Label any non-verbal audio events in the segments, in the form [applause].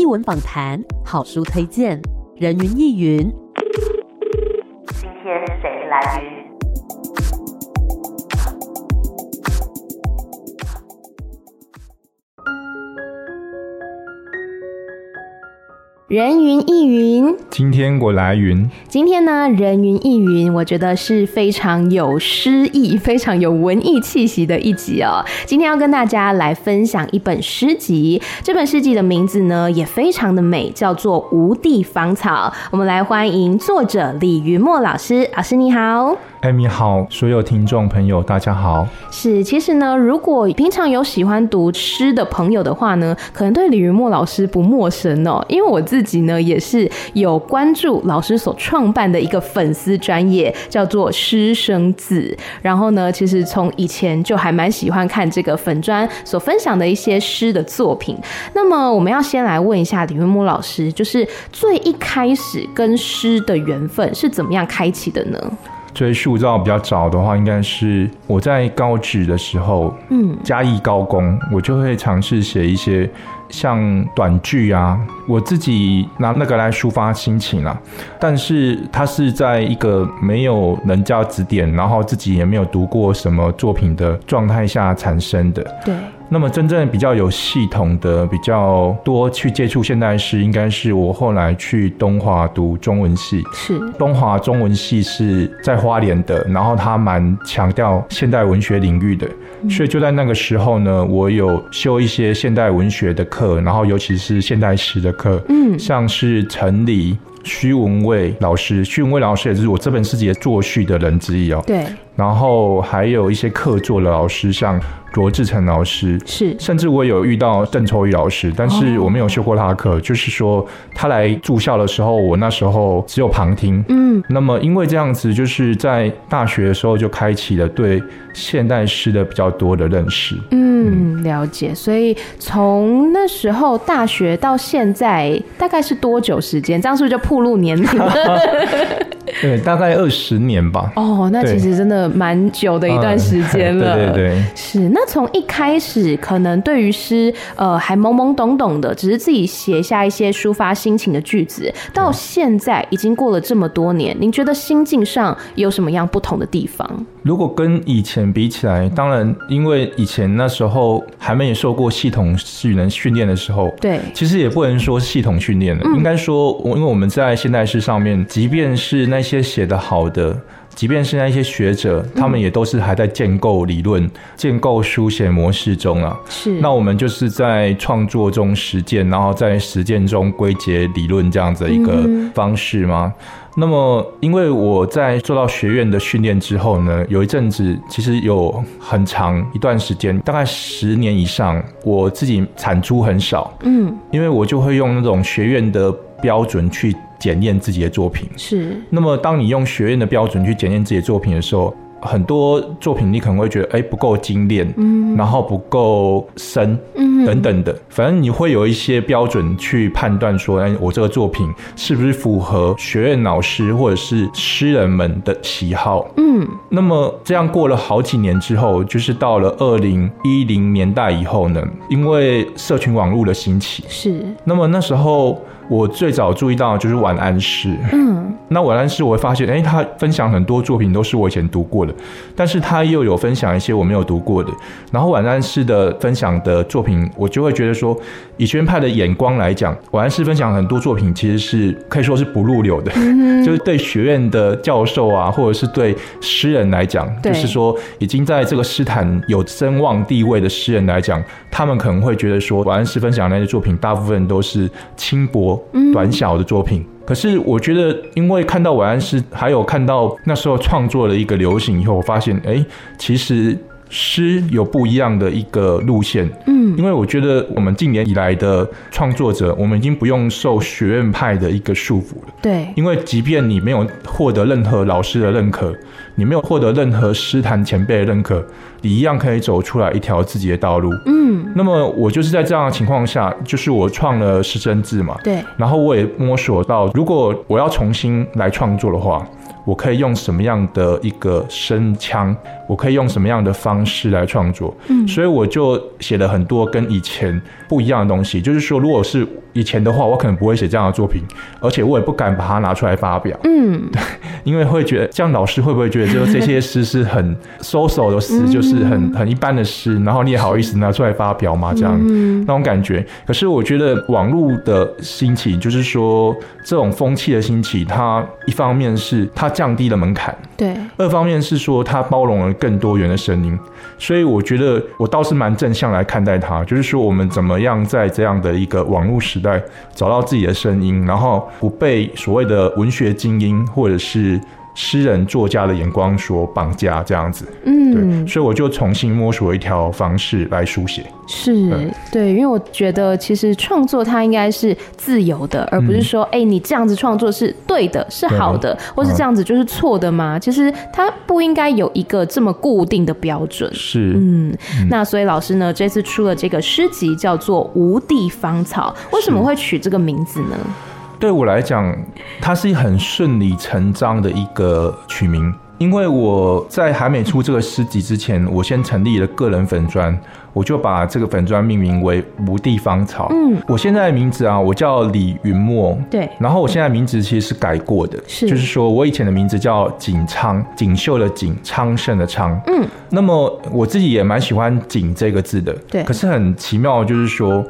藝文訪談，好書推薦，人云藝云。今天誰來云？人云藝云，今天我來云。今天呢，人云藝云，我覺得是非常有詩意、非常有文藝氣息的一集哦。今天要跟大家來分享一本詩集，這本詩集的名字呢也非常的美，叫做《蕪地芳草》。我們來歡迎作者李昀墨老師，老師你好。艾咪好，所有聽眾朋友，大家好。是，其實呢，如果平常有喜歡讀詩的朋友的話呢，可能對李昀墨老師不陌生哦。因為我自己呢，也是有關注老師所創辦的一個粉絲專業，叫做“詩聲字”。然後呢，其實從以前就還蠻喜歡看這個粉專所分享的一些詩的作品。那麼，我們要先來問一下李昀墨老師，就是最一開始跟詩的緣分是怎麼樣開啟的呢？所以，塑造比較早的話，應該是我在高職的時候，嗯，嘉義高工，我就會嘗試寫一些像短劇啊，我自己拿那個來抒發心情啦、啊。但是它是在一個沒有人家指點，然後自己也沒有讀過什麼作品的狀態下產生的。對。那麼真正比較有系統的比較多去接觸現代詩，應該是我後來去東華讀中文系。是東華中文系是在花蓮的，然後它蠻強調現代文學領域的，嗯、所以就在那個時候呢，我有修一些現代文學的課，然後尤其是現代詩的課，嗯，像是陳黎徐須文蔚老師，須文蔚老師也就是我這本詩集作序的人之一哦、喔。對。然後還有一些客座的老師，像羅智成老師，是。甚至我有遇到鄭愁予老師，但是我沒有修過他的課，哦、就是說他來駐校的時候，我那時候只有旁聽。嗯。那麼因為這樣子，就是在大學的時候就開啟了對現代詩的比較多的認識。嗯，嗯，了解。所以從那時候大學到現在，大概是多久時間？這樣是是就。步入年齡， [laughs] [laughs] 對，大概二十年吧。哦、oh, 對，那其實真的蠻久的一段時間了。嗯。對對，對是。那從一開始可能對於詩，呃，還懵懵懂懂的，只是自己寫下一些抒發心情的句子，到現在已經過了這麼多年，嗯，您覺得心境上有什麼樣不同的地方？如果跟以前比起來，當然，因為以前那時候還沒有受過系統技能訓練的時候，對，其實也不能說系統訓練的，嗯，應該說，我因為我們在。在現代詩上面，即便是那些寫得好的，即便是那些學者，他們也都是還在建構理論、嗯、建構書寫模式中啊。是。那我們就是在創作中實踐，然後在實踐中歸結理論這樣子一個方式嗎？嗯、哼那麼，因為我在做到學院的訓練之後呢，有一陣子，其實有很長一段時間，大概十年以上，我自己產出很少。嗯。因為我就會用那種學院的標準去。檢驗自己的作品。是。那麼，當你用學院的標準去檢驗自己的作品的時候，很多作品你可能會覺得，欸，不夠精煉，嗯，然後不夠深，嗯哼，等等的，反正你會有一些標準去判斷說，欸，我這個作品是不是符合學院老師或者是詩人們的喜好？嗯。那麼這樣過了好幾年之後，就是到了二零一零年代以後呢，因為社群網絡的興起，是。那麼那時候。我最早注意到的就是晚安詩，嗯、那晚安詩我會發現，哎、欸，他分享很多作品都是我以前讀過的，但是他又有分享一些我沒有讀過的。然後晚安詩的分享的作品，我就會覺得說，以學院派的眼光來講，晚安詩分享很多作品其實是可以說是不入流的，嗯、就是對學院的教授啊，或者是對詩人來講，對就是說已經在這個詩壇有聲望地位的詩人來講，他們可能會覺得說，晚安詩分享的那些作品大部分都是輕薄。短小的作品，可是我覺得，因為看到晚安詩，還有看到那時候創作的一個流行以後，我發現，哎、欸，其實。詩有不一樣的一個路線，嗯，因為我覺得我們近年以來的創作者，我們已經不用受學院派的一個束縛了，對，因為即便你沒有獲得任何老師的認可，你沒有獲得任何詩壇前輩的認可，你一樣可以走出來一條自己的道路，嗯，那麼我就是在這樣的情況下，就是我創了詩聲字嘛，對，然後我也摸索到，如果我要重新來創作的話。我可以用什麼樣的一個聲腔？我可以用什麼樣的方式來創作？嗯，所以我就寫了很多跟以前不一樣的東西。就是說，如果是以前的話，我可能不會寫這樣的作品，而且我也不敢把它拿出來發表。嗯，對，因為會覺得，這樣老師會不會覺得，就是這些詩是很 social 的詩，就是很很一般的詩，然後你也好意思拿出來發表嘛？這樣，那種感覺。可是我覺得網絡的興起，就是說這種風氣的興起，它一方面是它。降低了門檻，對。二方面是說，它包容了更多元的聲音，所以我覺得我倒是蠻正向來看待它，就是說我們怎麼樣在這樣的一個網絡時代找到自己的聲音，然後不被所謂的文學精英或者是。詩人作家的眼光所綁架這樣子，嗯，對，所以我就重新摸索一條方式來書寫。是，對，對，因為我覺得其實創作它應該是自由的，而不是說，哎、嗯欸，你這樣子創作是對的，是好的，了或是這樣子就是錯的嗎？哦、其實它不應該有一個這麼固定的標準。是，嗯，嗯，那所以老師呢，這次出了這個詩集叫做《蕪地芳草》，為什麼會取這個名字呢？對我來講，它是很順理成章的一個取名，因為我在還沒出這個詩集之前，我先成立了個人粉專，我就把這個粉專命名為蕪地芳草。嗯，我現在的名字啊，我叫李昀墨。對，然後我現在名字其實是改過的，是就是說我以前的名字叫錦昌，錦繡的錦，昌盛的昌。嗯，那麼我自己也蠻喜歡“錦”這個字的。對，可是很奇妙，就是說。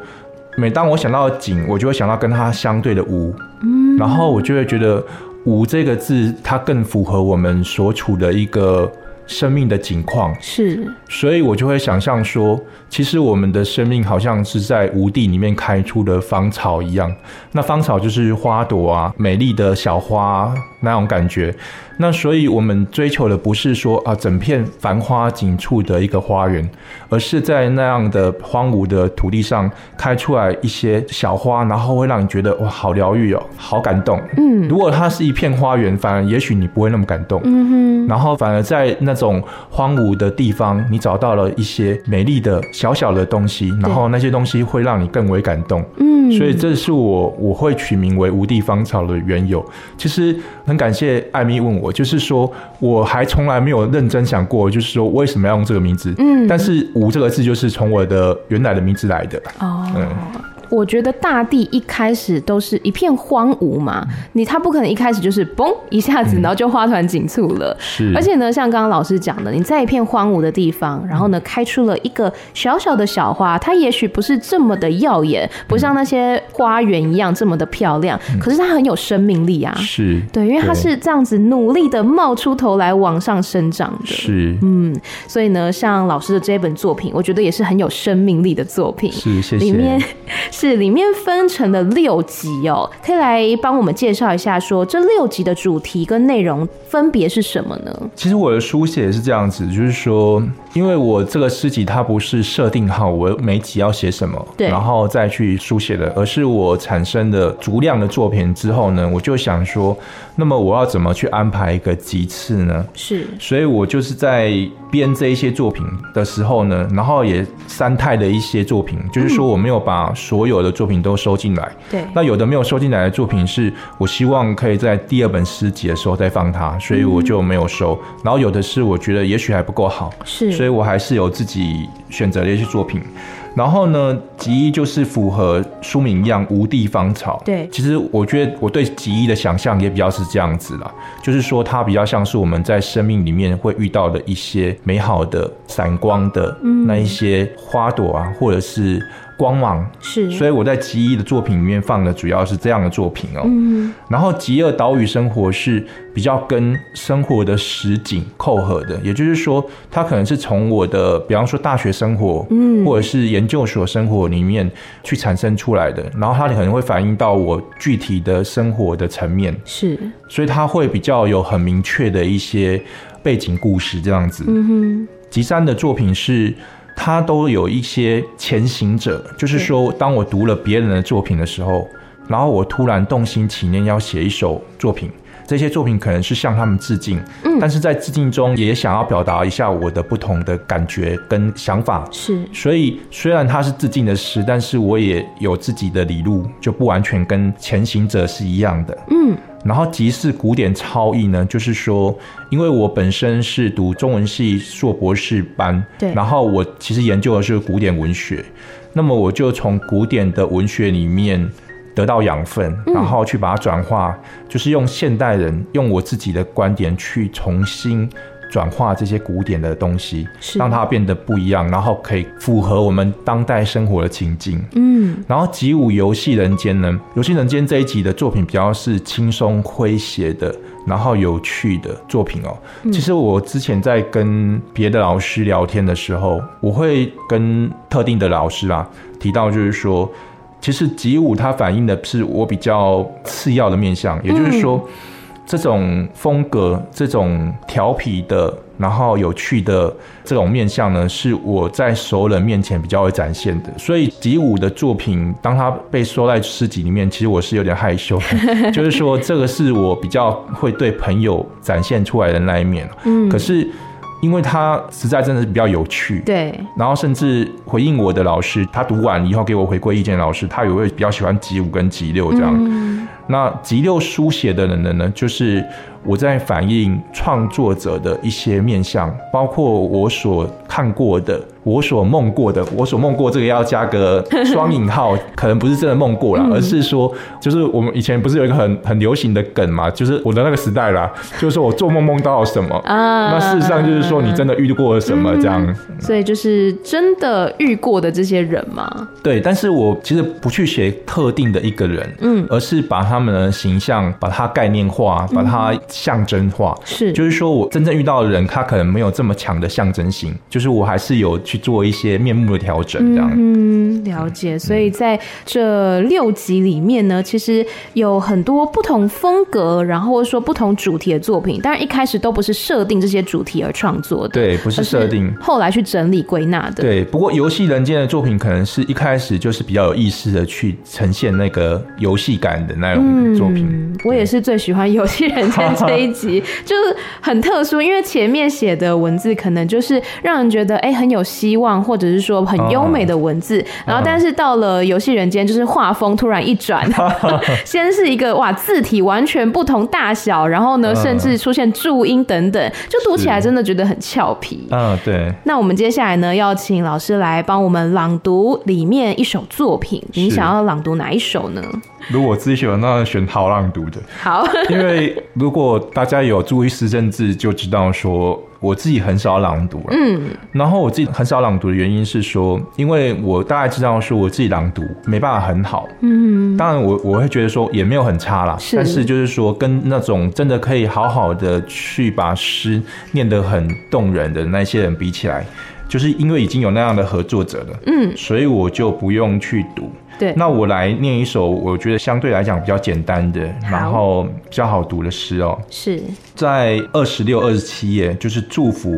每當我想到「景」，我就會想到跟它相對的「無」，嗯，然後我就會覺得「無」這個字，它更符合我們所處的一個。生命的景況是，所以我就會想象說，其實我們的生命好像是在蕪地裡面開出的芳草一樣。那芳草就是花朵啊，美麗的小花啊，那種感覺。那所以我們追求的不是說啊，整片繁花錦簇的一個花園，而是在那樣的荒蕪的土地上開出來一些小花，然後會讓你覺得哇，好療癒哦，好感動。嗯，如果它是一片花園，反而也許你不會那麼感動。嗯哼，然後反而在那。種荒蕪的地方，你找到了一些美麗的小小的東西，對然後那些東西會讓你更為感動。嗯，所以這是我我會取名為《無地芳草》的緣由。其實很感謝艾咪問我，就是說我還從來沒有認真想過，就是說為什麼要用這個名字。嗯，但是“無”這個字就是從我的原來的名字來的。哦。嗯我覺得大地一開始都是一片荒蕪嘛，你它不可能一開始就是嘣一下子，然後就花團錦簇了。是，而且呢，像剛剛老師講的，你在一片荒蕪的地方，然後呢，開出了一個小小的小花，它也許不是這麼的耀眼，不像那些花園一樣這麼的漂亮，可是它很有生命力啊。是，對，因為它是這樣子努力的冒出頭來往上生長的。是，嗯，所以呢，像老師的這本作品，我覺得也是很有生命力的作品。是，謝謝。裡面。是，裡面分成了六輯哦、喔，可以來幫我們介紹一下說，說這六輯的主題跟內容分別是什麼呢？其實我的書寫是這樣子，就是說。因為我這個詩集它不是設定好我每輯要寫什麼，對，然後再去書寫的，而是我產生的足量的作品之後呢，我就想說，那麼我要怎麼去安排一個輯次呢？是，所以我就是在編這一些作品的時候呢，然後也三態的一些作品，就是說我沒有把所有的作品都收進來，對、嗯，那有的沒有收進來的作品是我希望可以在第二本詩集的時候再放它，所以我就沒有收，嗯、然後有的是我覺得也許還不夠好，是。所以，我還是有自己選擇的一些作品。然後呢，輯一就是符合書名一樣，蕪地芳草。對，其實我覺得我對輯一的想象也比較是這樣子啦，就是說它比較像是我們在生命裡面會遇到的一些美好的閃光的那一些花朵啊，或者是。光芒是，所以我在輯一的作品裡面放的主要是這樣的作品哦、喔。嗯，然後輯二〈島嶼生活〉是比較跟生活的實景扣合的，也就是說，它可能是從我的，比方說大學生活，嗯，或者是研究所生活裡面去產生出來的，然後它可能會反映到我具體的生活的層面。是，所以它會比較有很明確的一些背景故事這樣子。嗯哼，輯三的作品是。他都有一些前行者，就是說，當我讀了別人的作品的時候，嗯，然後我突然動心起念要寫一首作品，這些作品可能是向他們致敬，嗯，但是在致敬中也想要表達一下我的不同的感覺跟想法，是，所以雖然它是致敬的詩，但是我也有自己的理路，就不完全跟前行者是一樣的，嗯。然後，即是古典超譯呢，就是說，因為我本身是讀中文系碩博士班，對，然後我其實研究的是古典文學，那麼我就從古典的文學裡面得到養分，嗯、然後去把它轉化，就是用現代人用我自己的觀點去重新。轉化這些古典的東西，是讓它變得不一樣，然後可以符合我們當代生活的情境。嗯，然後輯五遊戲人間呢，遊戲人間這一輯的作品比較是輕鬆詼諧的，然後有趣的作品哦、喔。嗯、其實我之前在跟別的老師聊天的時候，我會跟特定的老師啊提到，就是說，其實輯五它反映的是我比較次要的面向，也就是說。嗯這種風格，這種調皮的，然後有趣的這種面向呢，是我在熟人面前比較會展現的。所以吉武的作品，當他被收在詩集裡面，其實我是有點害羞，就是說這個是我比較會對朋友展現出來的那一面。嗯，可是。因為他實在真的是比較有趣，對。然後甚至回應我的老師，他讀完以後給我回饋意見。老師他也會比較喜歡輯五跟輯六這樣。嗯、那輯六書寫的人呢，就是我在反映創作者的一些面向，包括我所看過的。我所夢過的，我所夢過這個要加個雙引號， [laughs] 可能不是真的夢過了，嗯、而是說，就是我們以前不是有一個很很流行的梗嘛，就是我的那個時代啦，就是說我做夢夢到什麼，啊， [laughs] 那事實上就是說你真的遇過了什麼這樣。嗯、所以就是真的遇過的這些人嗎？對，但是我其實不去寫特定的一個人，嗯，而是把他們的形象，把它概念化，嗯、把它象徵化，是，就是說我真正遇到的人，他可能沒有這麼強的象徵性，就是我還是有。去做一些面目的調整，這樣、嗯、了解。所以在這六集裡面呢，嗯、其實有很多不同風格，然後或者說不同主題的作品。當然一開始都不是設定這些主題而創作的，對，不是設定，後來去整理歸納的。對，不過遊戲人間的作品可能是一開始就是比較有意思的去呈現那個遊戲感的那種作品。嗯、對我也是最喜歡遊戲人間這一集， [laughs] 就是很特殊，因為前面寫的文字可能就是讓人覺得哎、欸、很有。希望，或者是說很優美的文字，啊、然後，但是到了遊戲人間，就是畫風突然一轉，啊、 [laughs] 先是一個哇，字體完全不同大小，然後呢，啊、甚至出現注音等等，就讀起來真的覺得很俏皮。嗯、啊，對。那我們接下來呢，要請老師來幫我們朗讀裡面一首作品，是你想要朗讀哪一首呢？如果自己喜歡，那選好朗讀的。好， [laughs] 因為如果大家有注意詩聲字，就知道說。我自己很少朗讀了，嗯，然後我自己很少朗讀的原因是說，因為我大概知道說我自己朗讀沒辦法很好，嗯，當然我我會覺得說也沒有很差啦。是，但是就是說跟那種真的可以好好的去把詩念得很動人的那些人比起來，就是因為已經有那樣的合作者了，嗯，所以我就不用去讀。對那我來念一首，我覺得相對來講比較簡單的，好然後比較好讀的詩哦。是在二十六、二十七頁，就是祝福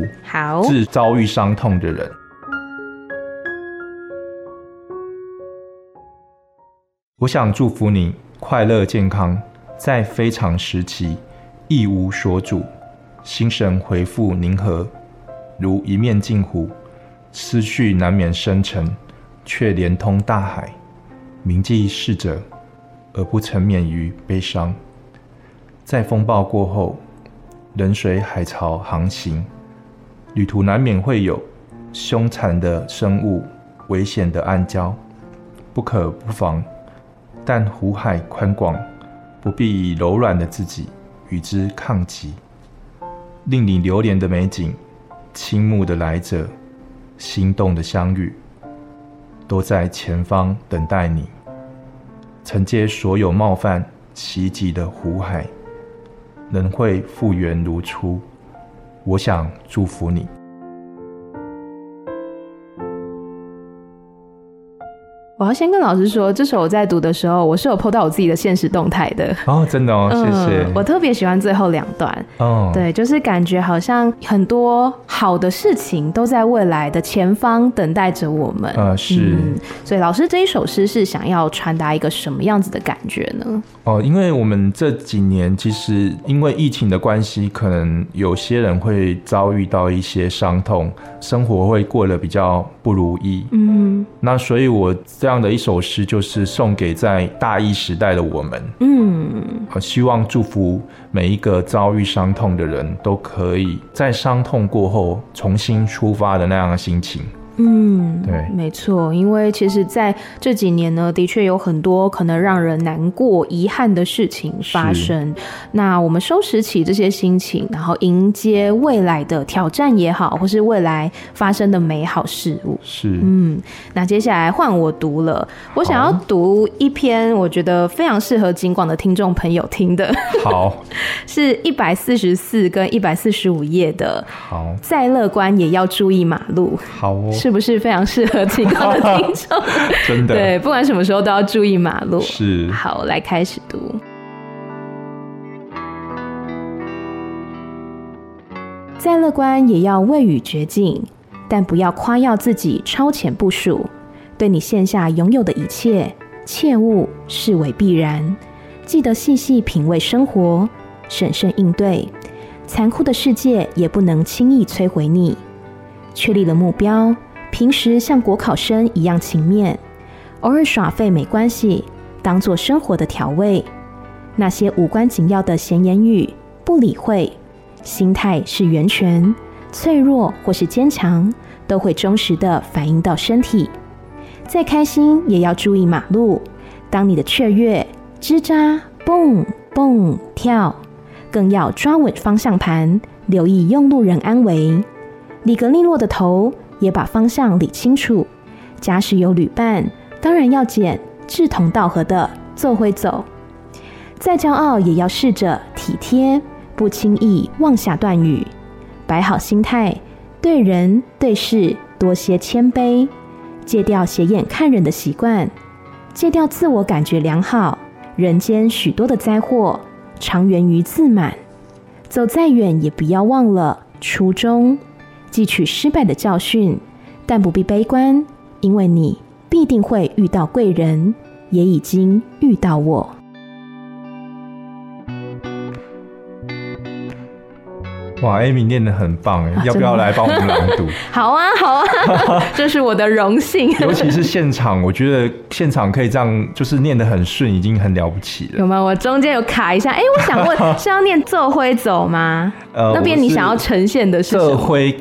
致遭遇傷痛的人。好我想祝福你快樂健康，在非常時期一無所主，心神回復寧和，如一面鏡湖，思緒難免深沉，卻連通大海。銘記逝者，而不沉湎於悲傷。在風暴過後，人隨海潮航行，旅途難免會有兇殘的生物、危險的暗礁，不可不防。但湖海寬廣，不必以柔軟的自己與之抗擊。令你流連的美景，傾慕的來者，心動的相遇，都在前方等待你，承接所有冒犯、襲擊的湖海，仍會復原如初。我想祝福你。我要先跟老師說，這首我在讀的時候，我是有 PO 到我自己的現實動態的哦，真的哦，謝謝。嗯、我特別喜歡最後兩段，哦，對，就是感覺好像很多好的事情，都在未來的前方等待着我們啊、呃，是、嗯。所以老師這一首詩是想要傳達一個什麼樣子的感覺呢？哦，因為我們這幾年其實因為疫情的關係，可能有些人會遭遇到一些傷痛，生活會過得比較不如意，嗯，那所以我這樣。這樣的一首詩，就是送給在大一時代的我們。嗯，我希望祝福每一個遭遇傷痛的人都可以在傷痛過後重新出發的那樣的心情。嗯，對，沒錯，因為其實在這幾年呢，的確有很多可能讓人難過、遺憾的事情發生。是那我們收拾起這些心情，然後迎接未來的挑戰也好，或是未來發生的美好事物。是，嗯，那接下來換我讀了。我想要讀一篇，我覺得非常適合景廣的聽眾朋友聽的。好， [laughs] 是一百四十四跟一百四十五頁的。好，再樂觀也要注意馬路。好哦。是不是非常適合提高的聽眾？ [laughs] 真的對，不管什麼時候都要注意馬路。是。好，來開始讀。再樂 [music] 觀也要未雨絕境，但不要誇耀自己超前部署。對你現下擁有的一切，切勿視為必然。記得細細品味生活，審慎應對殘酷的世界，也不能輕易摧毀你。確立了目標。平時像國考生一樣勤勉，偶爾耍廢沒關係，當做生活的調味。那些無關緊要的閒言語不理會。心態是源泉，脆弱或是堅強，都會忠實地反映到身體。再開心也要注意馬路。當你的雀躍，吱喳蹦蹦，蹦跳，更要抓穩方向盤，留意用路人安危。裡格利諾的頭。也把方向理清楚。假使有旅伴，當然要揀志同道合的做會走。再驕傲，也要試着體貼，不輕易妄下斷語，擺好心態，對人對事多些謙卑，戒掉斜眼看人的習慣，戒掉自我感覺良好。人間許多的災禍，常源於自滿。走再遠，也不要忘了初衷。汲取失敗的教訓，但不必悲觀，因為你必定會遇到貴人，也已經遇到我。哇，Amy 念得很棒、啊、真的嗎？要不要來幫我們朗讀？ [laughs] 好啊，好啊，這 [laughs] [laughs] 是我的榮幸。 [laughs] 尤其是現場，我覺得現場可以這樣，就是念得很順，已經很了不起了。有嗎？我中間有卡一下。哎、欸，我想問是要念“走灰走”嗎？ [laughs] 呃，那邊你想要呈現的是社會感，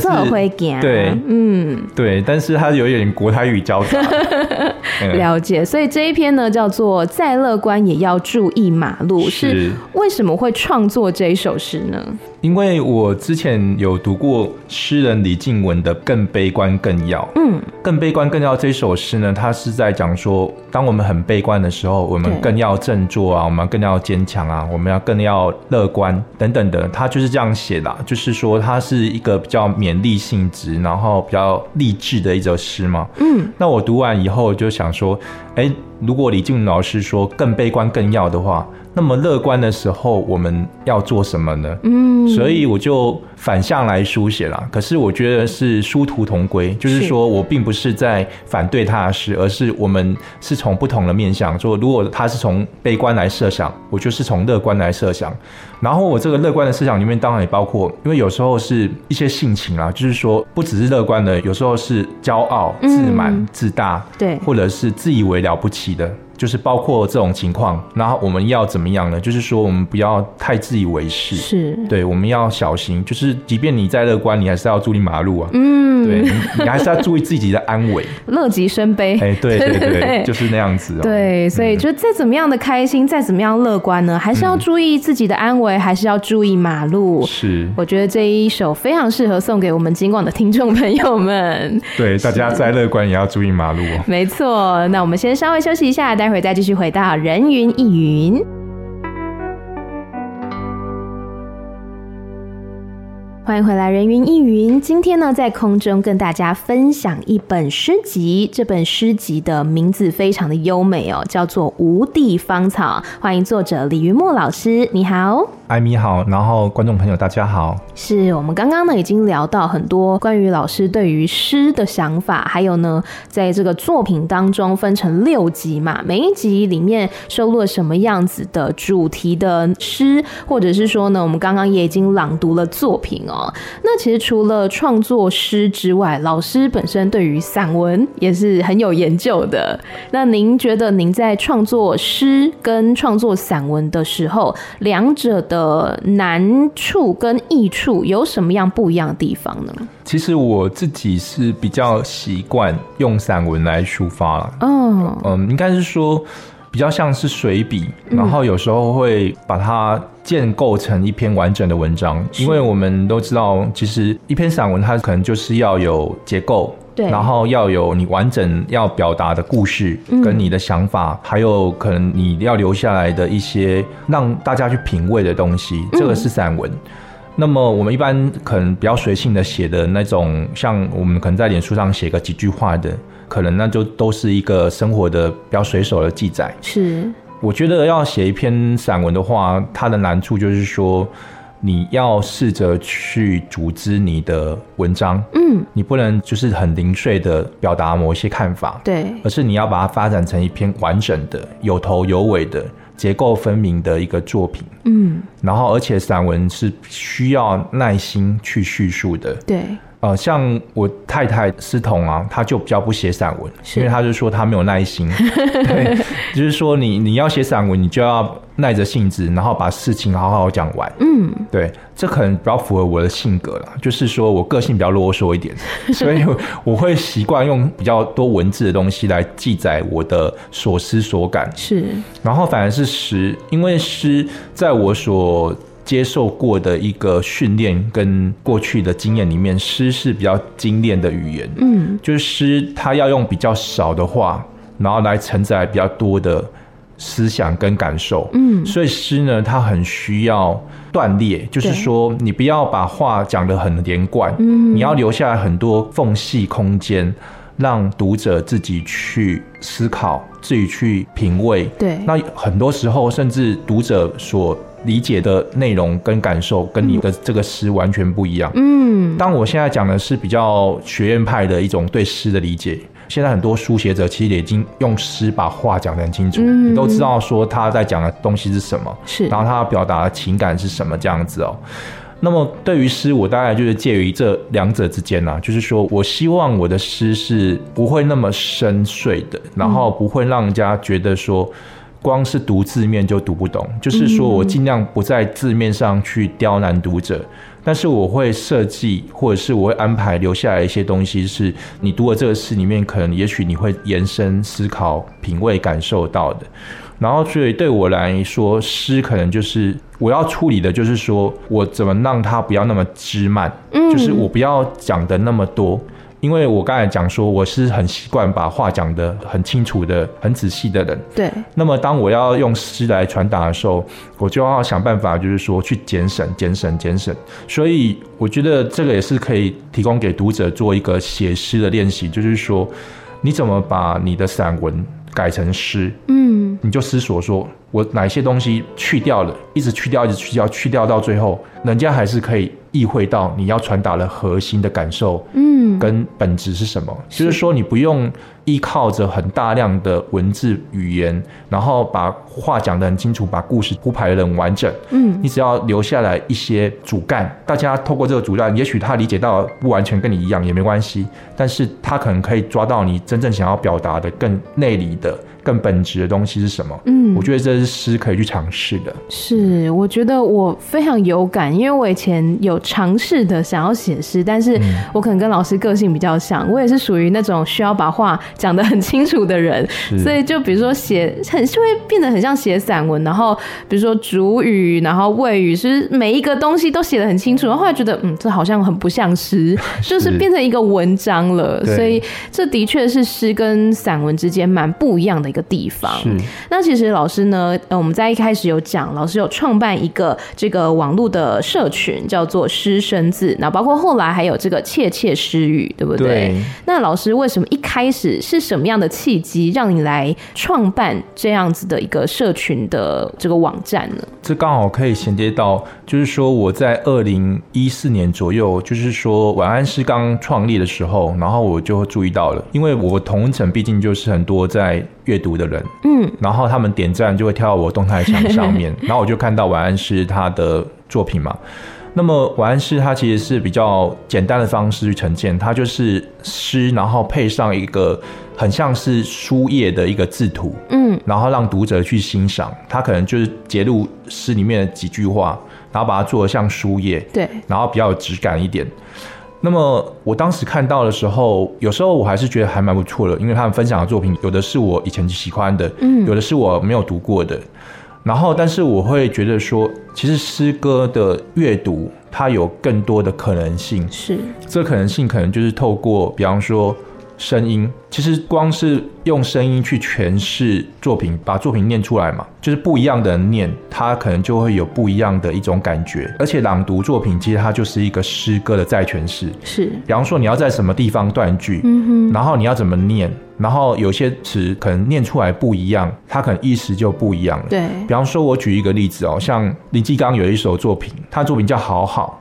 社會感，啊、對，嗯，對，但是它有點國台語交雜， [laughs] 嗯、了解。所以這一篇呢叫做《再樂觀也要注意馬路》，是，是為什麼會創作這一首詩呢？因為我之前有讀過詩人李靜文的《更悲觀更要》，嗯，更悲觀更要這首詩呢，他是在講說，當我們很悲觀的時候，我們更要振作啊，我們更要堅強啊，我們要更要樂觀啊，我們更要樂觀等等的。他就是這樣寫的啊，就是說他是一個比較勉勵性質，然後比較勵志的一則詩嘛。嗯，那我讀完以後就想說，哎，如果李靜老師說更悲觀、更要的話。那麼樂觀的時候，我們要做什麼呢？嗯，所以我就反向來書寫了。可是我覺得是殊途同歸，是就是說我並不是在反對他的事，而是我們是從不同的面向，說如果他是從悲觀來設想，我就是從樂觀來設想。然後我這個樂觀的思想裡面，當然也包括，因為有時候是一些性情啊，就是說不只是樂觀的，有時候是驕傲、自滿、自大，嗯、對，或者是自以為了不起的。就是包括這種情況，然後我們要怎麼樣呢？就是說我們不要太自以為是，是，對，我們要小心。就是即便你再樂觀，你還是要注意馬路啊。嗯，對你，你還是要注意自己的安危。樂極 [laughs] 生悲，哎、欸，對對對，對， [laughs] 對對對，就是那樣子、喔。對，所以就再怎麼樣的開心，再怎麼樣樂觀呢，還是要注意自己的安危，嗯、還是要注意馬路。是，我覺得這一首非常適合送給我們今晚的聽眾朋友們。對，大家再樂觀也要注意馬路、啊。沒錯，那我們先稍微休息一下，待。會再繼續回到《人云藝云》，歡迎回來《人云藝云》。今天呢，在空中跟大家分享一本詩集，這本詩集的名字非常的優美哦，叫做《蕪地芳草》。歡迎作者李昀墨老師，你好。艾咪好，然後觀眾朋友大家好。是我們剛剛呢已經聊到很多關於老師對於詩的想法，還有呢在這個作品當中分成六輯嘛，每一輯裡面收錄了什麼樣子的主題的詩，或者是說呢我們剛剛也已經朗讀了作品哦。那其實除了創作詩之外，老師本身對於散文也是很有研究的。那您覺得您在創作詩跟創作散文的時候，兩者的呃，難處跟易處，有什麼樣不一樣的地方呢？其實我自己是比較習慣用散文來抒發了。嗯、oh. 嗯，應該是說比較像是隨筆，然後有時候會把它建構成一篇完整的文章。嗯、因為我們都知道，其實一篇散文它可能就是要有結構。對然後要有你完整要表達的故事跟你的想法，嗯、還有可能你要留下來的一些讓大家去品味的東西。這個是散文。嗯、那麼我們一般可能比較隨性的寫的那種，像我們可能在臉書上寫個幾句話的，可能那就都是一個生活的比較隨手的記載。是，我覺得要寫一篇散文的話，它的難處就是說。你要試着去組織你的文章，嗯，你不能就是很零碎的表達某一些看法，對，而是你要把它發展成一篇完整的、有頭有尾的、結構分明的一個作品，嗯，然後而且散文是需要耐心去敘述的，對，呃，像我太太思彤啊，她就比較不寫散文，是因為她就說她沒有耐心， [laughs] 對就是說你你要寫散文，你就要。耐着性子，然後把事情好好講完。嗯，對，這可能比較符合我的性格啦。就是說我個性比較囉嗦一點，所以我會習慣用比較多文字的東西來記載我的所思所感。是，然後反而是詩，因為詩在我所接受過的一個訓練跟過去的經驗裡面，詩是比較精煉的語言。嗯，就是詩，它要用比較少的話，然後來承載比較多的。思想跟感受，嗯，所以詩呢，它很需要斷裂，就是說，對你不要把話講得很連貫，嗯，你要留下來很多縫隙空間，讓讀者自己去思考，自己去品味。對，那很多時候，甚至讀者所理解的內容跟感受，跟你的這個詩完全不一樣。嗯，但我現在講的是比較學院派的一種對詩的理解。現在很多書寫者其實也已經用詩把話講得很清楚，你都知道說他在講的東西是什麼，是然後他表達的情感是什麼這樣子哦、喔。那麼對於詩，我大概就是介於這兩者之間啦，就是說我希望我的詩是不會那麼深邃的，然後不會讓人家覺得說光是讀字面就讀不懂，就是說我盡量不在字面上去刁難讀者。但是我會設計，或者是我會安排留下來一些東西，是你讀了這個詩裡面，可能也許你會延伸思考、品味、感受到的。然後，所以對我來說，詩可能就是我要處理的，就是說我怎麼讓它不要那麼枝蔓。嗯，就是我不要講的那麼多。因為我剛才講說，我是很習慣把話講得很清楚的、很仔細的人。對。那麼，當我要用詩來傳達的時候，我就要想辦法，就是說去減省、減省、減省。所以，我覺得這個也是可以提供給讀者做一個寫詩的練習，就是說，你怎麼把你的散文改成詩？嗯。你就思索說，我哪些東西去掉了，一直去掉，一直去掉，一直去掉，去掉到最後，人家還是可以。意會到你要傳達的核心的感受，嗯，跟本質是什麼？嗯、是就是說你不用。依靠着很大量的文字語言，然後把話講得很清楚，把故事鋪排得很完整。嗯，你只要留下來一些主幹，大家透過這個主幹，也許他理解到不完全跟你一樣也沒關係，但是他可能可以抓到你真正想要表達的更內裡的、更本質的東西是什麼。嗯，我覺得這是詩可以去嘗試的。是，我覺得我非常有感，因為我以前有嘗試的想要寫詩，但是我可能跟老師個性比較像，嗯、我也是屬於那種需要把話。講得很清楚的人，是所以就比如說寫很就會變得很像寫散文，然後比如說主語，然後謂語是，是每一個東西都寫得很清楚，然後，後覺得嗯，這好像很不像詩，就是變成一個文章了。是所以這的確是詩跟散文之間蠻不一樣的一個地方。是那其實老師呢，呃，我們在一開始有講，老師有創辦一個這個網絡的社群，叫做“詩聲字”，那包括後來還有這個“竊竊詩語”，對不對？對那老師為什麼一開始？是什麼樣的契機讓你來創辦這樣子的一個社群的這個網站呢？這剛好可以銜接到，就是說我在二零一四年左右，就是說晚安詩剛創立的時候，然後我就注意到了，因為我同城畢竟就是很多在閱讀的人，嗯，然後他們點讚就會跳到我動態牆上面，然後我就看到晚安詩他的作品嘛。那麼晚安詩它其實是比較簡單的方式去呈現，它就是詩，然後配上一個很像是書頁的一個字圖，嗯，然後讓讀者去欣賞。他可能就是截錄詩裡面的幾句話，然後把它做得像書頁，對，然後比較有質感一點。那麼我當時看到的時候，有時候我還是覺得還蠻不錯的，因為他們分享的作品，有的是我以前就喜歡的，嗯，有的是我沒有讀過的。嗯然後，但是我會覺得說，其實詩歌的閱讀它有更多的可能性，是這可能性可能就是透過，比方說。聲音其實光是用聲音去詮釋作品，把作品念出來嘛，就是不一樣的人念，它可能就會有不一樣的一種感覺。而且朗讀作品，其實它就是一個詩歌的再詮釋。是，比方說你要在什麼地方斷句，嗯哼，然後你要怎麼念，然後有些詞可能念出來不一樣，它可能意思就不一樣了。對，比方說我舉一個例子哦，像林志剛，剛有一首作品，他作品叫《好好》。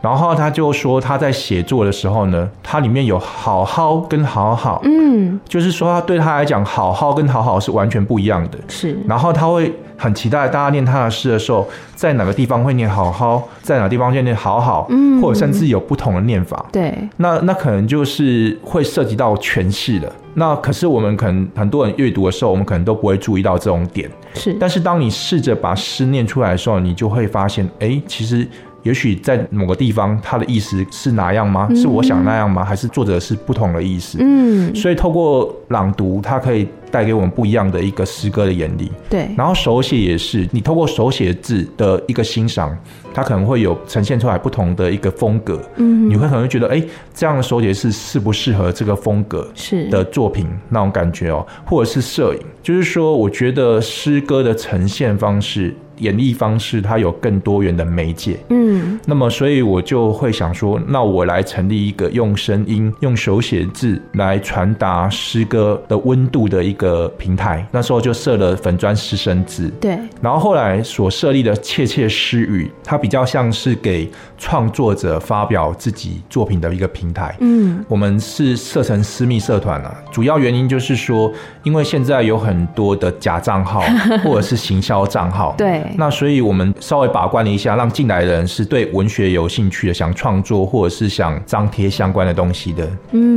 然後他就說，他在寫作的時候呢，它裡面有“好好”跟“好好”，嗯，就是說對他來講，“好好”跟“好好”是完全不一樣的。是。然後他會很期待大家念他的詩的時候，在哪個地方會念“好好”，在哪個地方會念念“好好”，嗯，或者甚至有不同的念法。對。那那可能就是會涉及到詮釋了。那可是我們可能很多人閱讀的時候，我們可能都不會注意到這種點。是。但是當你試着把詩念出來的時候，你就會發現，哎，其實。也許在某個地方，它的意思是哪樣嗎？嗯、是我想那樣嗎？還是作者是不同的意思？嗯，所以透過朗讀，它可以帶給我們不一樣的一個詩歌的演繹。對，然後手寫也是，你透過手寫字的一個欣賞，它可能會有呈現出來不同的一個風格。嗯，你會可能會覺得，哎、欸，這樣的手寫是適不適合這個風格是的作品那種感覺哦、喔，是或者是攝影，就是說，我覺得詩歌的呈現方式。演繹方式，它有更多元的媒介。嗯，那麼所以我就會想說，那我來成立一個用聲音、用手寫字來傳達詩歌的溫度的一個平台。那時候就設了粉磚詩聲字。對。然後後來所設立的竊竊詩語，它比較像是給創作者發表自己作品的一個平台。嗯，我們是設成私密社團了，啊，主要原因就是說，因為現在有很多的假賬號或者是行銷賬號。 [laughs] 對。那所以，我們稍微把關了一下，讓進來的人是對文學有興趣的，想創作或者是想張貼相關的東西的、嗯。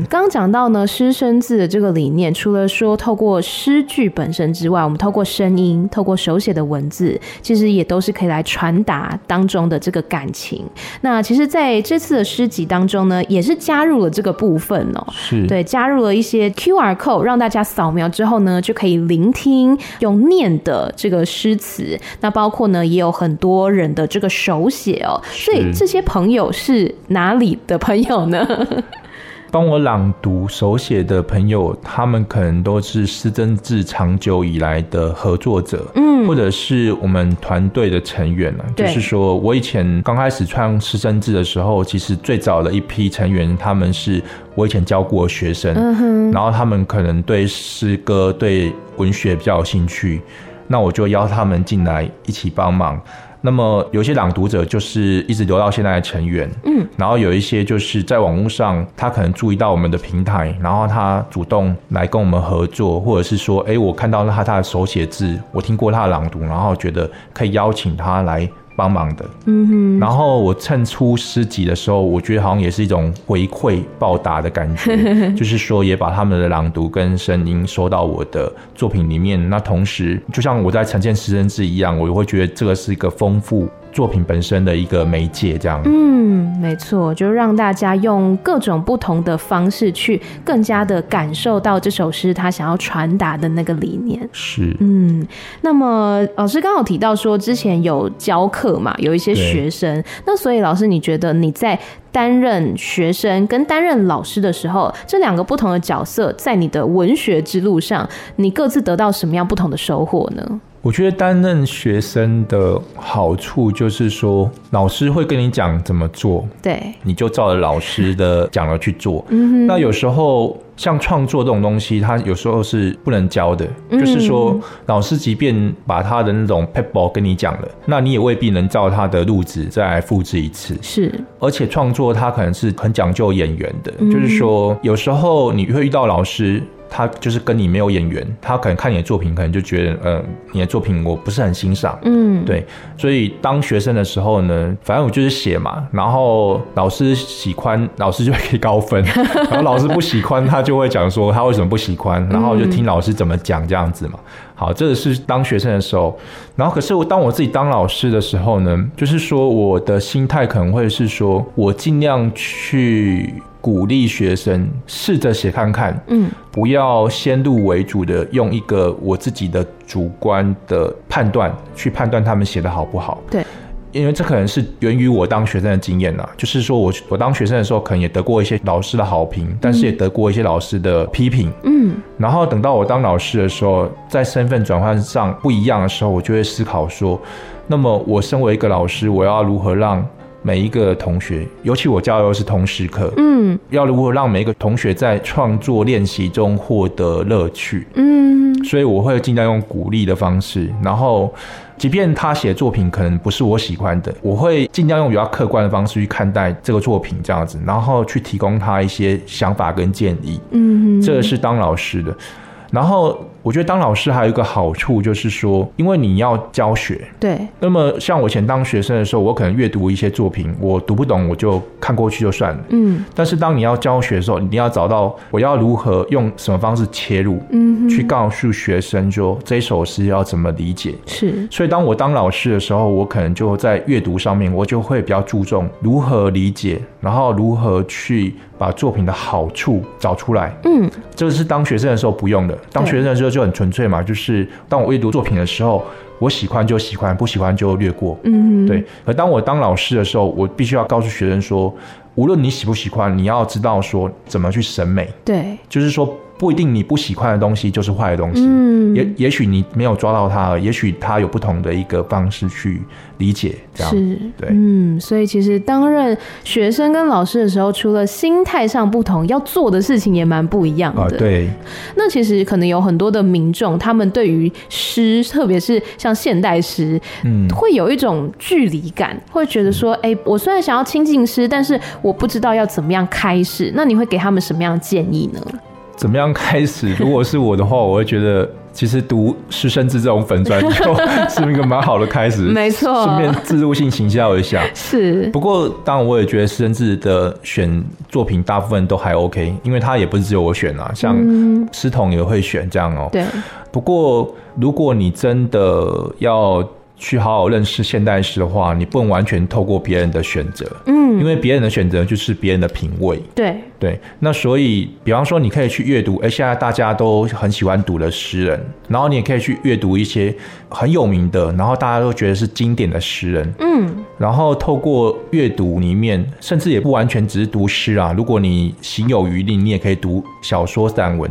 嗯，剛講到呢，詩聲字的這個理念，除了說透過詩句本身之外，我們透過聲音，透過手寫的文字，其實也都是可以來傳達當中的這個感情。那其實在這次的詩集當中呢，也是加入了這個部分哦、喔，是，對，加入了一些 QR code，讓大家掃描之後呢，就可以聆聽用念的這個詩詞。那包括呢，也有很多人的這個手寫哦、喔，所以這些朋友是哪裡的朋友呢？幫、嗯、我朗讀手寫的朋友，他們可能都是詩聲字長久以來的合作者，嗯，或者是我們團隊的成員了。對就是說我以前剛開始創詩聲字的時候，其實最早的一批成員，他們是我以前教過學生，嗯、哼然後他們可能對詩歌、對文學比較有興趣。那我就邀他們進來一起幫忙。那麼有些朗讀者就是一直留到現在的成員，嗯，然後有一些就是在網絡上，他可能注意到我們的平台，然後他主動來跟我們合作，或者是說，哎，我看到他他的手寫字，我聽過他的朗讀，然後覺得可以邀請他來。幫忙的，嗯哼然後我趁出詩集的時候，我覺得好像也是一種回饋報答的感覺， [laughs] 就是說也把他們的朗讀跟聲音收到我的作品裡面。那同時，就像我在呈現詩聲字一樣，我也會覺得這個是一個豐富作品本身的一個媒介，這樣。嗯，沒錯，就讓大家用各種不同的方式去更加的感受到這首詩他想要傳達的那個理念。是，嗯，那麼老師剛好提到說，之前有教課嘛，有一些學生。對那所以老師，你覺得你在擔任學生跟擔任老師的時候，這兩個不同的角色，在你的文學之路上，你各自得到什麼樣不同的收穫呢？我覺得擔任學生的好處就是說，老師會跟你講怎麼做，對，你就照着老師的講了去做。嗯，那有時候像創作這種東西，它有時候是不能教的，就是說，老師即便把他的那種撇步跟你講了，那你也未必能照他的路子再來複製一次。是，而且創作它可能是很講究眼緣的，就是說，有時候你會遇到老師。他就是跟你沒有眼緣，他可能看你的作品，可能就覺得，呃，你的作品我不是很欣賞，嗯，對。所以當學生的時候呢，反正我就是寫嘛，然後老師喜歡，老師就會給高分。 [laughs] 然後老師不喜歡，他就會講說他為什麼不喜歡，然後就聽老師怎麼講這樣子嘛。嗯、好，這個是當學生的時候，然後可是我當我自己當老師的時候呢，就是說我的心態可能會是說我盡量去。鼓勵學生試着寫看看，嗯，不要先入為主的用一個我自己的主觀的判斷去判斷他們寫的好不好，對，因為這可能是源於我當學生的經驗啦，就是說我我當學生的時候可能也得過一些老師的好評，但是也得過一些老師的批評，嗯，然後等到我當老師的時候，在身份轉換上不一樣的時候，我就會思考說，那麼我身為一個老師，我要如何讓每一個同學，尤其我教的都是同時課，嗯，要如何讓每一個同學在創作練習中獲得樂趣，嗯，所以我會盡量用鼓勵的方式，然後，即便他寫作品可能不是我喜歡的，我會盡量用比較客觀的方式去看待這個作品，這樣子，然後去提供他一些想法跟建議，嗯，這個是當老師的，然後。我覺得當老師還有一個好處，就是說，因為你要教學。對。那麼，像我以前當學生的時候，我可能閱讀一些作品，我讀不懂，我就看過去就算了。嗯。但是，當你要教學的時候，你一定要找到我要如何用什麼方式切入，嗯，去告訴學生，說這首詩要怎麼理解。是。所以，當我當老師的時候，我可能就在閱讀上面，我就會比較注重如何理解。然後如何去把作品的好處找出來？嗯，這個是當學生的時候不用的。當學生的時候就很純粹嘛，對就是當我閱讀作品的時候，我喜歡就喜歡，不喜歡就略過。嗯，對。而當我當老師的時候，我必須要告訴學生說，無論你喜不喜歡，你要知道說怎麼去審美。對，就是說。不一定你不喜歡的東西就是壞的東西，嗯、也也許你沒有抓到它，也許它有不同的一個方式去理解，這樣是對。嗯，所以其實擔任學生跟老師的時候，除了心態上不同，要做的事情也蠻不一樣的。呃、對。那其實可能有很多的民眾，他們對於詩，特別是像現代詩，嗯，會有一種距離感，會覺得說，哎、嗯欸，我雖然想要親近詩，但是我不知道要怎麼樣開始。那你會給他們什麼樣的建議呢？怎麼樣開始？如果是我的話，我會覺得其實讀《詩聲字》這種粉專，是一個蠻好的開始。 [laughs] 沒錯，順便置入性行銷一下。是，不過當然我也覺得《詩聲字》的選作品大部分都還 OK，因為他也不是只有我選啊，像詩童也會選這樣哦。嗯、對。不過如果你真的要，去好好認識現代詩的話，你不能完全透過別人的選擇，嗯，因為別人的選擇就是別人的品味，對對。那所以，比方說，你可以去閱讀，哎、欸，現在大家都很喜歡讀的詩人，然後你也可以去閱讀一些。很有名的，然後大家都覺得是經典的詩人，嗯，然後透過閱讀裡面，甚至也不完全只是讀詩啊。如果你行有餘力，你也可以讀小說、散文。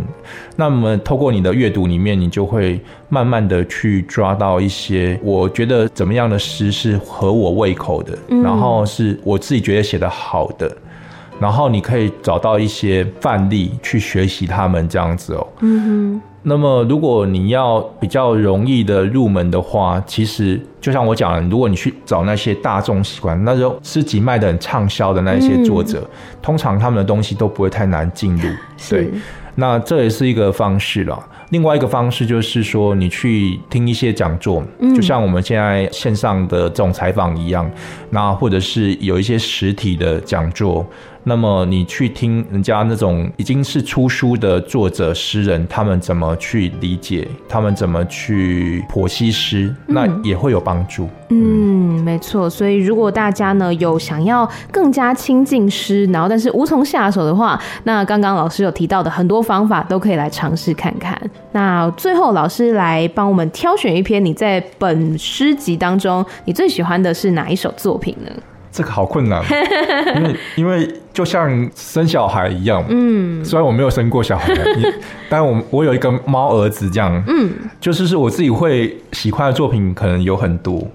那麼透過你的閱讀裡面，你就會慢慢的去抓到一些，我覺得怎麼樣的詩是合我胃口的，嗯，然後是我自己覺得寫的好的，然後你可以找到一些範例去學習他們這樣子哦。嗯哼。那麼，如果你要比較容易的入門的話，其實就像我講，如果你去找那些大眾喜歡、那時候書籍賣的很暢銷的那一些作者，嗯、通常他們的東西都不會太難進入。是對，那這也是一個方式啦。另外一個方式就是說，你去聽一些講座，嗯、就像我們現在線上的這種採訪一樣，那或者是有一些實體的講座。那麼你去聽人家那種已經是出書的作者、詩人，他們怎麼去理解，他們怎麼去剖析詩，那也會有幫助。嗯，嗯，沒錯。所以如果大家呢有想要更加親近詩，然後但是無從下手的話，那剛剛老師有提到的很多方法都可以來嘗試看看。那最後老師來幫我們挑選一篇，你在本詩集當中你最喜歡的是哪一首作品呢？這個好困難， [laughs] 因為因為就像生小孩一樣，嗯，雖然我沒有生過小孩，但我我有一個貓兒子，這樣，嗯，就是是我自己會喜歡的作品可能有很多，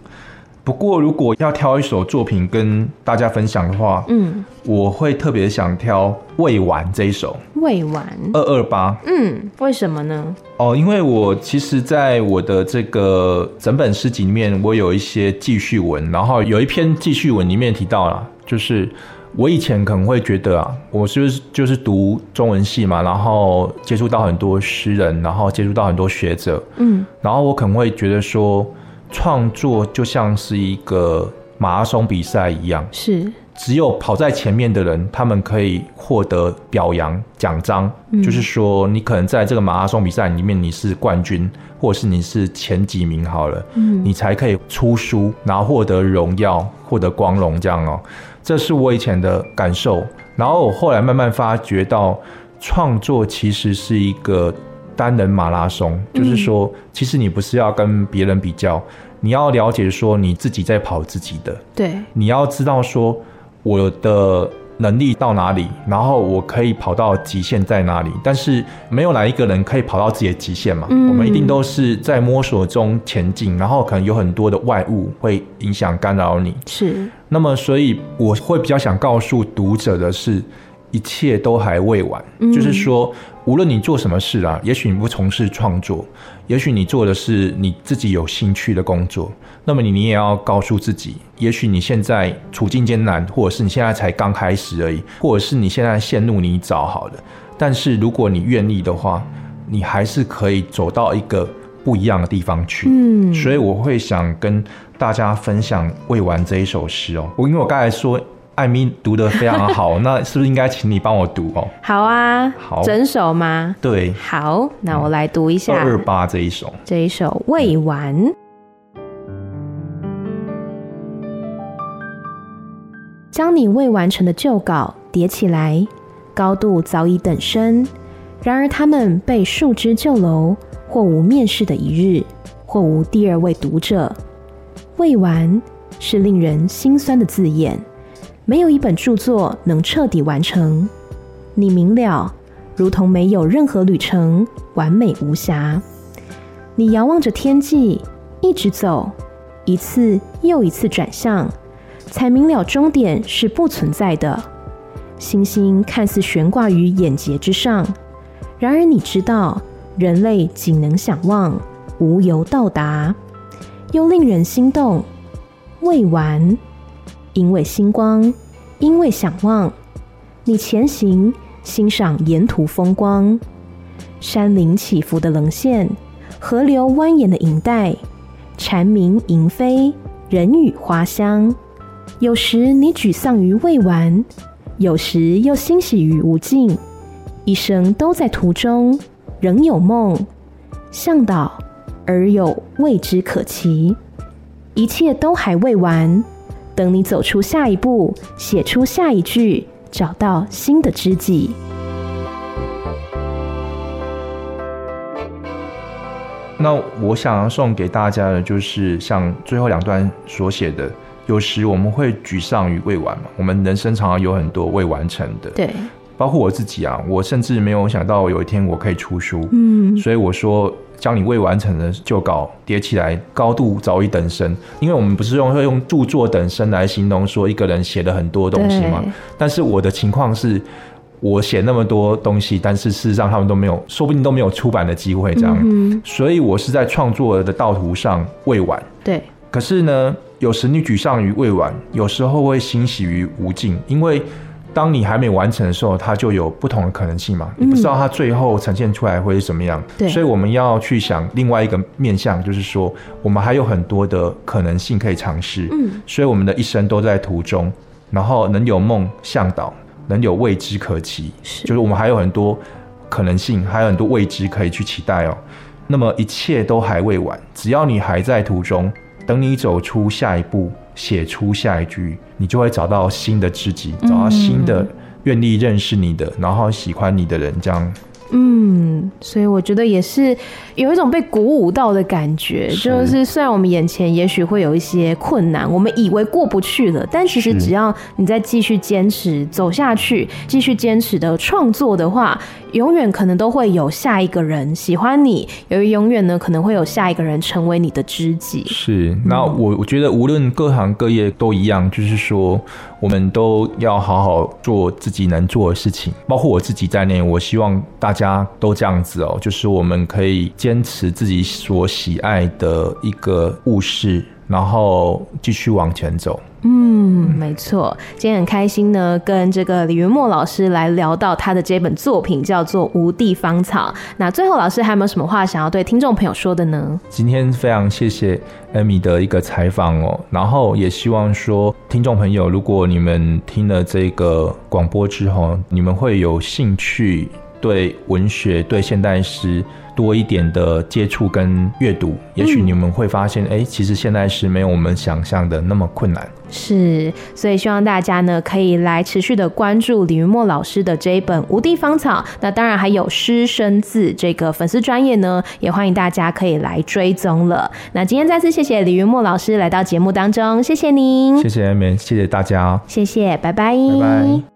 不過如果要挑一首作品跟大家分享的話，嗯，我會特別想挑《未完》這一首，《未完》二二八，嗯，為什麼呢？哦，因為我其實，在我的這個整本詩集裡面，我有一些記敘文，然後有一篇記敘文裡面提到啦，就是我以前可能會覺得啊，我是不是就是讀中文系嘛，然後接觸到很多詩人，然後接觸到很多學者，嗯，然後我可能會覺得說，創作就像是一個馬拉松比賽一樣，是。只有跑在前面的人，他們可以獲得表揚、獎章。嗯，就是說，你可能在這個馬拉松比賽裡面，你是冠軍，或者是你是前幾名好了。嗯，你才可以出書，然後獲得榮耀、獲得光榮這樣哦。這是我以前的感受。然後我後來慢慢發覺到，創作其實是一個單人馬拉松。嗯，就是說，其實你不是要跟別人比較，你要了解說你自己在跑自己的。對，你要知道說。我的能力到哪裡，然後我可以跑到極限在哪裡？但是沒有哪一個人可以跑到自己的極限嘛。嗯嗯，我們一定都是在摸索中前進，然後可能有很多的外物會影響干擾你。是。那麼，所以我會比較想告訴讀者的是，一切都還未完，嗯、就是說。無論你做什麼事啊，也許你不從事創作，也許你做的是你自己有興趣的工作，那麼你你也要告訴自己，也許你現在處境艱難，或者是你現在才剛開始而已，或者是你現在線路你找好了，但是如果你願意的話，你還是可以走到一個不一樣的地方去。嗯，所以我會想跟大家分享未完這一首詩哦，我因為我剛才說。艾咪 I mean, 讀得非常好， [laughs] 那是不是應該請你幫我讀哦？好啊，好，整首嗎？對，好，那我來讀一下二八、嗯、這一首。這一首未完，將、嗯、你未完成的舊稿疊起來，高度早已等身，然而他們被束之舊樓，或無面世的一日，或無第二位讀者。未完是令人心酸的字眼。沒有一本著作能徹底完成，你明了，如同沒有任何旅程完美無瑕。你遙望着天際，一直走，一次又一次轉向，才明了終點是不存在的。星星看似懸掛於眼睫之上，然而你知道，人類僅能想望，無由到達，又令人心動，未完。因為星光，因為嚮往，你前行，欣賞沿途風光，山林起伏的稜線，河流蜿蜒的銀帶，蟬鳴鶯飛，人語花香。有時你沮喪於未完，有時又欣喜於無盡。一生都在途中，仍有夢，向導，而有未知可期。一切都還未完。等你走出下一步，寫出下一句，找到新的知己。那我想要送給大家的，就是像最後兩段所寫的，有時我們會沮喪於未完嘛，我們人生常常有很多未完成的。對，包括我自己啊，我甚至沒有想到有一天我可以出書。嗯，所以我說。將你未完成的舊稿疊起來，高度早已等身。因為我們不是用會用著作等身來形容說一個人寫了很多東西嗎？對但是我的情況是，我寫那麼多東西，但是事實上他們都沒有，說不定都沒有出版的機會。這樣，嗯、哼所以我是在創作的道途上未完。對，可是呢，有時你沮喪於未完，有時候會欣喜於無盡，因為。當你還沒完成的時候，它就有不同的可能性嘛。你不知道它最後呈現出來會是什麼樣。嗯、對，所以我們要去想另外一個面向，就是說我們還有很多的可能性可以嘗試。嗯，所以我們的一生都在途中，然後能有夢向導，能有未知可期，是。就是我們還有很多可能性，還有很多未知可以去期待哦、喔。那麼一切都還未完，只要你還在途中。等你走出下一步，寫出下一句，你就會找到新的知己，嗯、找到新的願意認識你的，然後喜歡你的人這樣。嗯，所以我覺得也是有一種被鼓舞到的感覺，是，就是雖然我們眼前也許會有一些困難，我們以為過不去了，但其實只要你再繼續堅持走下去，繼續堅持的創作的話，永遠可能都會有下一個人喜歡你，由於永遠呢可能會有下一個人成為你的知己。是，那我我覺得無論各行各業都一樣，就是說。我們都要好好做自己能做的事情，包括我自己在內。我希望大家都這樣子哦，就是我們可以堅持自己所喜愛的一個物事，然後繼續往前走。嗯，沒錯。今天很開心呢，跟這個李昀墨老師來聊到他的這本作品叫做《蕪地芳草》。那最後老師還有沒有什麼話想要對聽眾朋友說的呢？今天非常謝謝艾咪的一個採訪哦。然後也希望說，聽眾朋友，如果你們聽了這個廣播之後，你們會有興趣對文學、對現代詩。多一點的接觸跟閱讀，也許你們會發現，哎、嗯欸，其實現在是沒有我們想象的那麼困難。是，所以希望大家呢，可以來持續的關注李昀墨老師的這一本《蕪地芳草》，那當然還有《詩聲字》這個粉絲專頁呢，也歡迎大家可以來追蹤了。那今天再次謝謝李昀墨老師來到節目當中，謝謝您，謝謝艾咪，謝謝大家，謝謝，拜拜。拜拜。